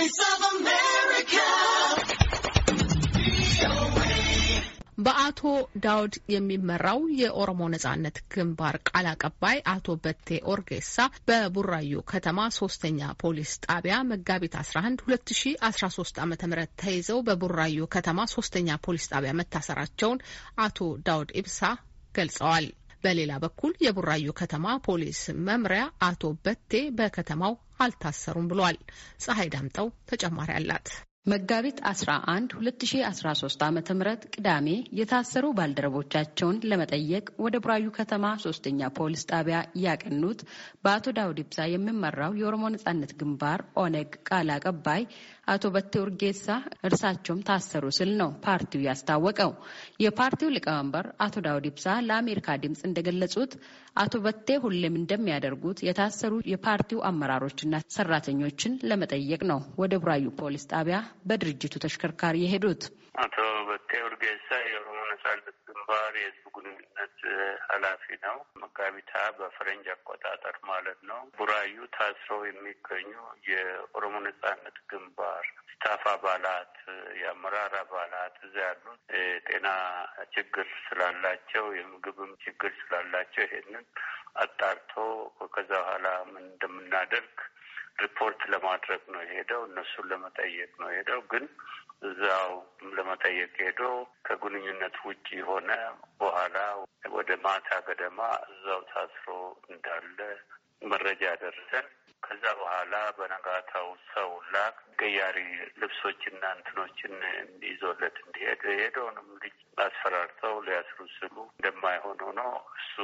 Voice of America. በአቶ ዳውድ የሚመራው የኦሮሞ ነጻነት ግንባር ቃል አቀባይ አቶ በቴ ኦርጌሳ በቡራዩ ከተማ ሶስተኛ ፖሊስ ጣቢያ መጋቢት 11 2013 ዓ ም ተይዘው በቡራዩ ከተማ ሶስተኛ ፖሊስ ጣቢያ መታሰራቸውን አቶ ዳውድ ኢብሳ ገልጸዋል። በሌላ በኩል የቡራዩ ከተማ ፖሊስ መምሪያ አቶ በቴ በከተማው አልታሰሩም ብሏል። ፀሐይ ዳምጠው ተጨማሪ አላት። መጋቢት 11 2013 ዓ ም ቅዳሜ የታሰሩ ባልደረቦቻቸውን ለመጠየቅ ወደ ቡራዩ ከተማ ሶስተኛ ፖሊስ ጣቢያ ያቀኑት በአቶ ዳውድ ኢብሳ የሚመራው የኦሮሞ ነጻነት ግንባር ኦነግ ቃል አቀባይ አቶ በቴ ኡርጌሳ እርሳቸውም ታሰሩ ስል ነው ፓርቲው ያስታወቀው። የፓርቲው ሊቀመንበር አቶ ዳውድ ኢብሳ ለአሜሪካ ድምፅ እንደገለጹት አቶ በቴ ሁሌም እንደሚያደርጉት የታሰሩ የፓርቲው አመራሮችና ሰራተኞችን ለመጠየቅ ነው ወደ ቡራዩ ፖሊስ ጣቢያ በድርጅቱ ተሽከርካሪ የሄዱት። አቶ በቴ ኡርጌሳ የኦሮሞ ነጻነት ግንባር የህዝብ ግንኙነት ኃላፊ ነው። መጋቢት ሀያ በፈረንጅ አቆጣጠር ማለት ነው። ቡራዩ ታስረው የሚገኙ የኦሮሞ ነጻነት ግንባር ስታፍ አባላት፣ የአመራር አባላት እዚ ያሉት የጤና ችግር ስላላቸው የምግብም ችግር ስላላቸው ይሄንን አጣርቶ ከዛ በኋላ ምን እንደምናደርግ ሪፖርት ለማድረግ ነው የሄደው፣ እነሱን ለመጠየቅ ነው የሄደው። ግን እዛው ለመጠየቅ ሄዶ ከግንኙነት ውጭ የሆነ በኋላ ወደ ማታ ገደማ እዛው ታስሮ እንዳለ መረጃ ደርሰን ከዛ በኋላ በነጋታው ሰው ላክ ቀያሪ ልብሶችና እንትኖችን ይዞለት እንዲሄድ የሄደውንም አስፈራርተው ሊያስሩ ስሉ እንደማይሆን ሆኖ እሱ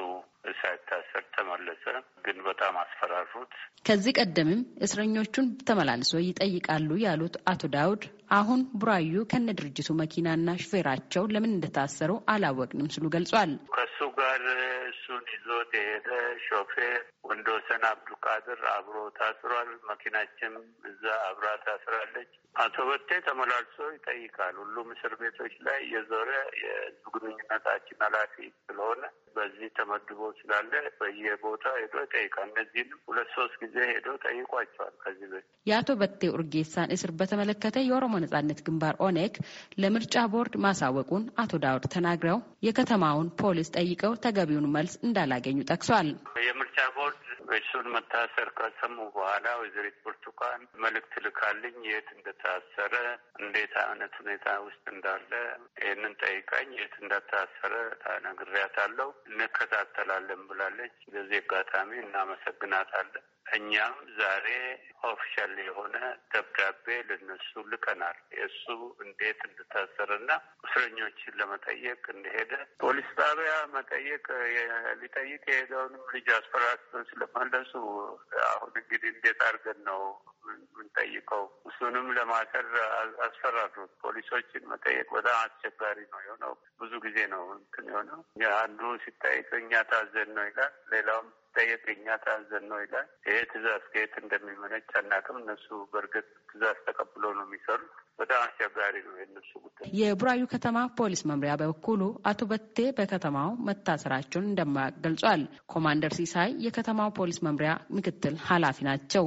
ሳይታሰር ተመለሰ። ግን በጣም አስፈራሩት። ከዚህ ቀደምም እስረኞቹን ተመላልሶ ይጠይቃሉ ያሉት አቶ ዳውድ አሁን ቡራዩ ከነ ድርጅቱ መኪናና ሹፌራቸው ለምን እንደታሰሩ አላወቅንም ስሉ ገልጿል። ከእሱ ጋር እሱን ይዞት የሄደ ሾፌር ወንዶ ሰን አብዱቃድር አብሮ ታስሯል። መኪናችን እዛ አብራ ታስራለች። አቶ በቴ ተመላልሶ ይጠይቃል። ሁሉም እስር ቤቶች ላይ የዞረ የህዝብ ግንኙነታችን ኃላፊ ስለሆነ በዚህ ተመድቦ ስላለ በየቦታ ሄዶ ይጠይቃል። እነዚህንም ሁለት ሶስት ጊዜ ሄዶ ጠይቋቸዋል። ከዚህ በፊት የአቶ በቴ ኡርጌሳን እስር በተመለከተ የኦሮሞ ነጻነት ግንባር ኦኔግ ለምርጫ ቦርድ ማሳወቁን አቶ ዳውድ ተናግረው የከተማውን ፖሊስ ጠይቀው ተገቢውን መልስ እንዳላገኙ ጠቅሷል። የምርጫ ቦርድ እሱን መታሰር ከሰሙ በኋላ ወይዘሪት ብርቱካን መልእክት ልካልኝ የት እንደታሰረ እንዴት አይነት ሁኔታ ውስጥ እንዳለ ይህንን ጠይቃኝ የት እንዳታሰረ ነግሬያታለሁ። እንከታተላለን ብላለች። በዚህ አጋጣሚ እናመሰግናታለን። እኛም ዛሬ ኦፊሻል የሆነ ደብዳቤ ልነሱ ልከናል። የእሱ እንዴት እንደታሰረና እስረኞችን ለመጠየቅ እንደሄደ ፖሊስ ጣቢያ መጠየቅ ሊጠይቅ የሄደውንም ልጅ አስፈራርተን ስለ መለሱ። አሁን እንግዲህ እንዴት አድርገን ነው የምንጠይቀው? እሱንም ለማሰር አስፈራሩት። ፖሊሶችን መጠየቅ በጣም አስቸጋሪ ነው የሆነው። ብዙ ጊዜ ነው እንትን የሆነው። አንዱ ሲታይ እኛ ታዘን ነው ይላል፣ ሌላውም ሲጠየቅ እኛ ታዘን ነው ይላል። ይህ ትእዛዝ ከየት እንደሚመነጭ አናውቅም። እነሱ በእርግጥ ትእዛዝ ተቀብሎ ነው የሚሰሩት። በጣም አስቸጋሪ ነው የእነሱ ጉዳይ። የቡራዩ ከተማ ፖሊስ መምሪያ በበኩሉ አቶ በቴ በከተማው መታሰራቸውን እንደማያውቅ ገልጿል። ኮማንደር ሲሳይ የከተማው ፖሊስ መምሪያ ምክትል ኃላፊ ናቸው።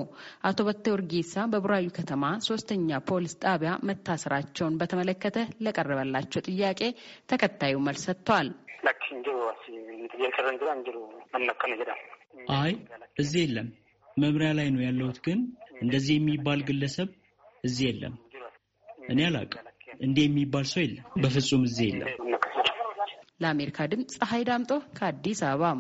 አቶ በቴ ኡርጌሳ በቡራዩ ከተማ ሶስተኛ ፖሊስ ጣቢያ መታሰራቸውን በተመለከተ ለቀረበላቸው ጥያቄ ተከታዩ መልስ ሰጥቷል። አይ እዚህ የለም። መምሪያ ላይ ነው ያለሁት። ግን እንደዚህ የሚባል ግለሰብ እዚህ የለም። እኔ አላውቅም። እንዲህ የሚባል ሰው የለም። በፍጹም እዚህ የለም። ለአሜሪካ ድምፅ ፀሐይ ዳምጦ ከአዲስ አበባ